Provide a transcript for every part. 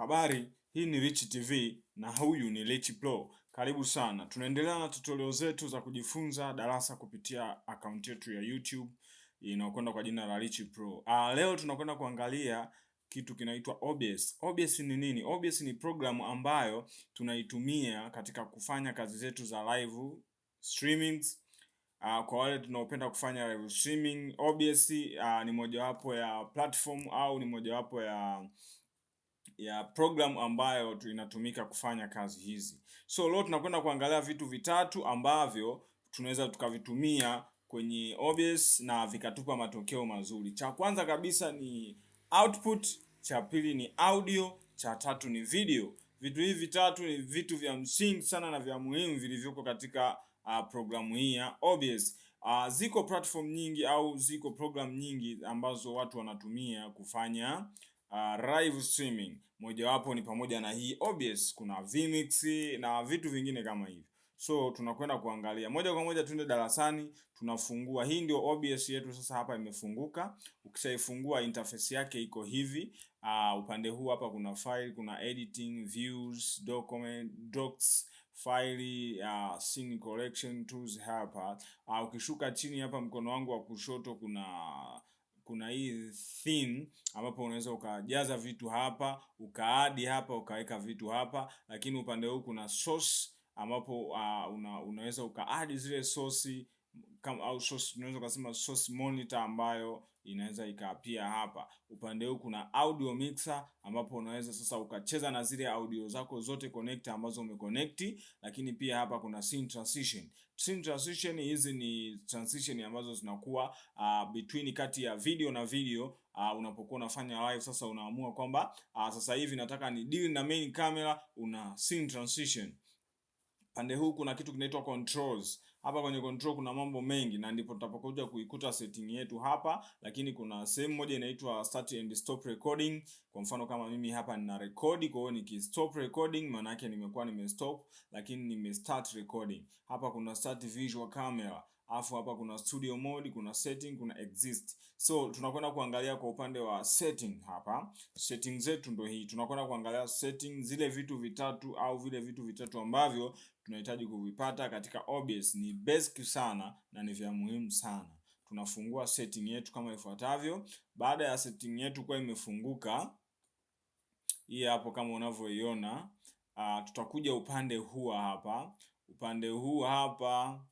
Habari, hii ni Rich TV na huyu ni Rich Pro. Karibu sana, tunaendelea na tutorial zetu za kujifunza darasa kupitia akaunti yetu ya YouTube inayokwenda kwa jina la Rich Pro. Ah, leo tunakwenda kuangalia kitu kinaitwa OBS. OBS ni nini? OBS ni programu ambayo tunaitumia katika kufanya kazi zetu za live streamings. Uh, kwa wale tunaopenda kufanya live streaming, OBS uh, ah, ni mojawapo ya platform au ni mojawapo ya ya program ambayo inatumika kufanya kazi hizi. So leo tunakwenda kuangalia vitu vitatu ambavyo tunaweza tukavitumia kwenye OBS na vikatupa matokeo mazuri. Cha kwanza kabisa ni output, cha pili ni audio, cha tatu ni video. Vitu hivi vitatu ni vitu vya msingi sana na vya muhimu vilivyoko katika uh, ah, programu hii ya OBS. Uh, ah, ziko platform nyingi au ziko program nyingi ambazo watu wanatumia kufanya uh, ah, live streaming. Mojawapo ni pamoja na hii OBS, kuna vmix na vitu vingine kama hivyo. So tunakwenda kuangalia moja kwa moja, tuende darasani, tunafungua hii. Ndio OBS yetu sasa, hapa imefunguka. Ukishaifungua interface yake iko hivi. Uh, upande huu hapa kuna file, kuna editing, views, document, docs, file, uh, scene collection tools hapa. Uh, ukishuka chini hapa mkono wangu wa kushoto kuna kuna hii thin ambapo unaweza ukajaza vitu hapa, ukaadi hapa, ukaweka vitu hapa, lakini upande huu kuna source ambapo uh, una, unaweza ukaadi zile sosi kama au source tunaweza kusema source monitor ambayo inaweza ikaapia hapa. Upande huu kuna audio mixer ambapo unaweza sasa ukacheza na zile audio zako zote connector ambazo umeconnect, lakini pia hapa kuna scene transition. Scene transition hizi ni transition ambazo zinakuwa uh, between kati ya video na video Uh, unapokuwa unafanya live sasa, unaamua kwamba uh, sasa hivi nataka ni deal na main camera, una scene transition. Pande huu kuna kitu kinaitwa controls hapa kwenye control kuna mambo mengi na ndipo tutapokuja kuikuta setting yetu hapa, lakini kuna sehemu moja inaitwa start and stop recording. Kwa mfano kama mimi hapa nina record, kwa hiyo niki stop recording maana yake nimekuwa nime stop, lakini nime start recording. Hapa kuna start visual camera alafu hapa kuna studio mode, kuna setting, kuna exist. So tunakwenda kuangalia kwa upande wa setting hapa. Setting zetu ndo hii, tunakwenda kuangalia setting, zile vitu vitatu au vile vitu vitatu ambavyo tunahitaji kuvipata katika OBS. Ni basic sana na ni vya muhimu sana. Tunafungua setting yetu kama ifuatavyo. Baada ya setting yetu kuwa imefunguka hii hapo kama unavyoiona, uh, tutakuja upande huu hapa, upande huu hapa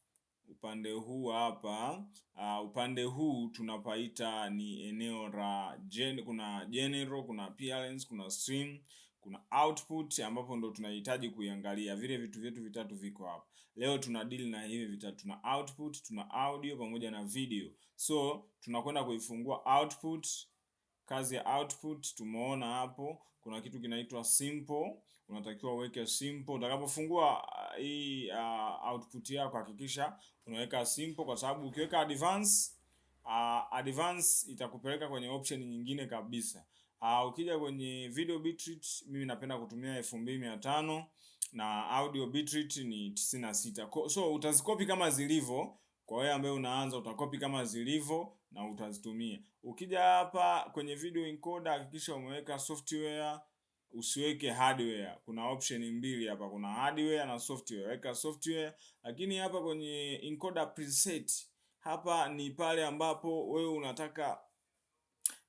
upande huu hapa uh, upande huu tunapaita ni eneo la gen, kuna general, kuna appearance, kuna swim, kuna output ambapo ndo tunahitaji kuiangalia. Vile vitu vyetu vitatu viko hapa. Leo tuna deal na hivi vitatu, tuna output, tuna audio pamoja na video. So tunakwenda kuifungua output. Kazi ya output tumeona hapo, kuna kitu kinaitwa simple, unatakiwa uweke simple utakapofungua hii uh, output yako hakikisha unaweka simple, kwa sababu ukiweka advance uh, advance itakupeleka kwenye option nyingine kabisa. Uh, ukija kwenye video bitrate mimi napenda kutumia 2500 na audio bitrate ni 96. So utazikopi kama zilivyo. Kwa wewe ambaye unaanza utakopi kama zilivyo na utazitumia. Ukija hapa kwenye video encoder hakikisha umeweka software usiweke hardware. Kuna option mbili hapa, kuna hardware na software. Weka software, lakini hapa kwenye encoder preset, hapa ni pale ambapo wewe unataka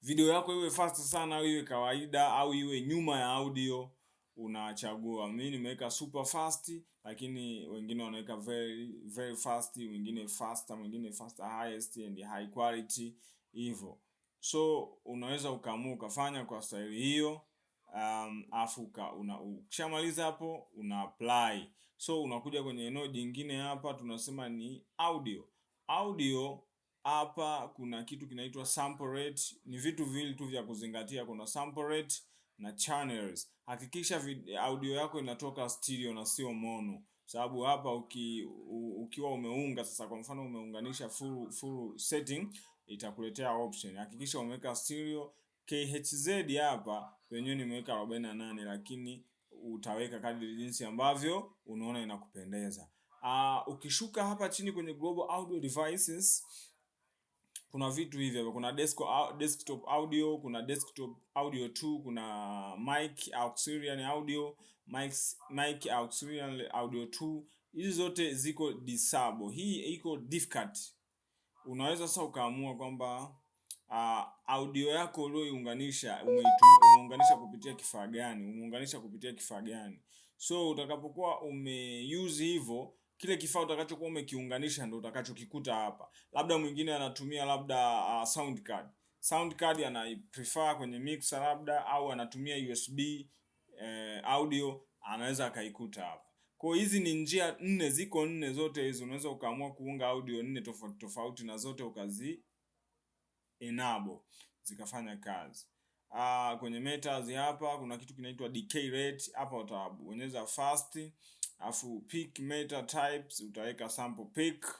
video yako iwe fast sana au iwe kawaida au iwe nyuma ya audio unachagua. Mimi nimeweka super fast, lakini wengine wanaweka very very fast, wengine faster, mwingine faster highest and high quality hivyo. So unaweza ukaamua ukafanya kwa staili hiyo um, una ukishamaliza hapo una apply. So unakuja kwenye eneo jingine hapa tunasema ni audio. Audio hapa kuna kitu kinaitwa sample rate. Ni vitu vili tu vya kuzingatia, kuna sample rate na channels. Hakikisha audio yako inatoka stereo na sio mono, sababu hapa uki, u, ukiwa umeunga sasa, kwa mfano umeunganisha full, full setting itakuletea option. Hakikisha umeweka stereo KHZ hapa wenyewe nimeweka 48 lakini utaweka kadri jinsi ambavyo unaona inakupendeza. Uh, ukishuka hapa chini kwenye Global Audio Devices kuna vitu hivi hapa, kuna desktop audio, kuna desktop audio 2, kuna mic auxiliary audio, mic mic auxiliary audio 2. Hizi zote ziko disable, hii iko difficult, Unaweza sasa ukaamua kwamba uh, audio yako ulioiunganisha umeunganisha kupitia kifaa gani, umeunganisha kupitia kifaa gani. So utakapokuwa umeuse hivyo kile kifaa utakachokuwa umekiunganisha ndo utakachokikuta hapa. Labda mwingine anatumia labda uh, sound card. Sound card anaiprefer kwenye mixer labda au anatumia USB eh, audio anaweza akaikuta hapa. Kwa hizi ni njia nne, ziko nne, zote hizo unaweza ukaamua kuunga audio nne tofauti tofauti na zote ukazi enable zikafanya kazi. Aa, ah, kwenye meters hapa kuna kitu kinaitwa decay rate, hapa utabonyeza fast, afu pick meta types utaweka sample pick.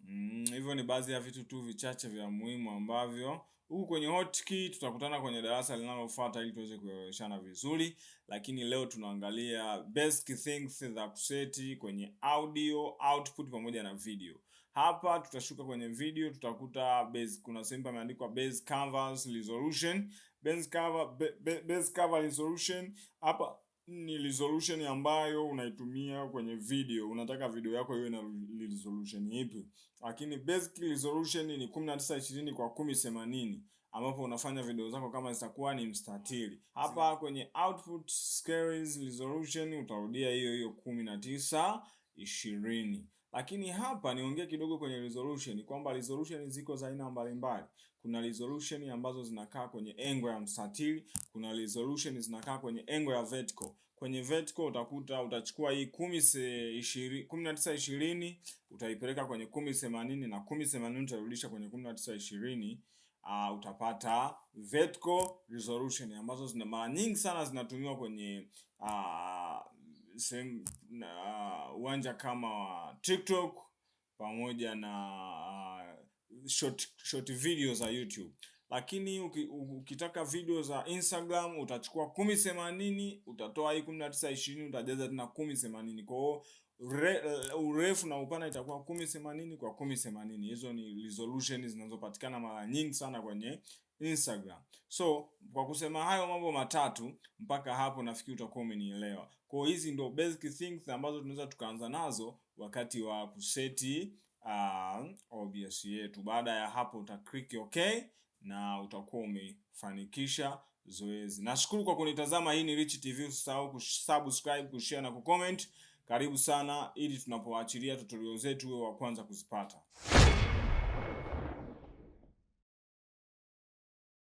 Mm, hivyo ni baadhi ya vitu tu vichache vya muhimu ambavyo huku kwenye hotkey tutakutana kwenye darasa linalofuata ili tuweze kueleweshana vizuri, lakini leo tunaangalia basic things za kuseti kwenye audio output pamoja na video. Hapa tutashuka kwenye video, tutakuta base, kuna sehemu pameandikwa base canvas resolution. Base cover, be, base cover resolution hapa ni resolution ambayo unaitumia kwenye video, unataka video yako iwe na resolution ipi, lakini basic resolution ni 1920 kwa 1080 ambapo unafanya video zako kama zitakuwa ni mstatili. Hapa kwenye output scales resolution utarudia hiyo hiyo 1920. Lakini hapa niongee kidogo kwenye resolution kwamba resolution ziko za aina mbalimbali. Kuna resolution ambazo zinakaa kwenye angle ya mstatili, kuna resolution zinakaa kwenye angle ya vertical. Kwenye vertical utakuta utachukua hii 10 20 19 20 utaipeleka kwenye 1080 na 1080 utarudisha kwenye 1920 Uh, ah, utapata vertical resolution ambazo zina mara nyingi sana zinatumiwa kwenye uh, uwanja uh, uwanja kama wa TikTok pamoja na uh, short, short video za YouTube, lakini ukitaka video za Instagram utachukua kumi themanini utatoa hii kumi na tisa ishirini utajaza tena kumi themanini kwahio urefu na upana itakuwa kumi themanini kwa kumi themanini Hizo ni resolution zinazopatikana mara nyingi sana kwenye Instagram. So kwa kusema hayo mambo matatu, mpaka hapo nafikiri utakuwa umenielewa. Kwa hiyo hizi ndio basic things ambazo tunaweza tukaanza nazo wakati wa kuseti uh, ah, OBS yetu. Baada ya hapo uta click okay na utakuwa umefanikisha zoezi. Nashukuru kwa kunitazama. Hii ni Rich TV, usisahau kusubscribe, kushare na kucomment. Karibu sana ili tunapoachilia tutorial zetu uwe wa kwanza kuzipata.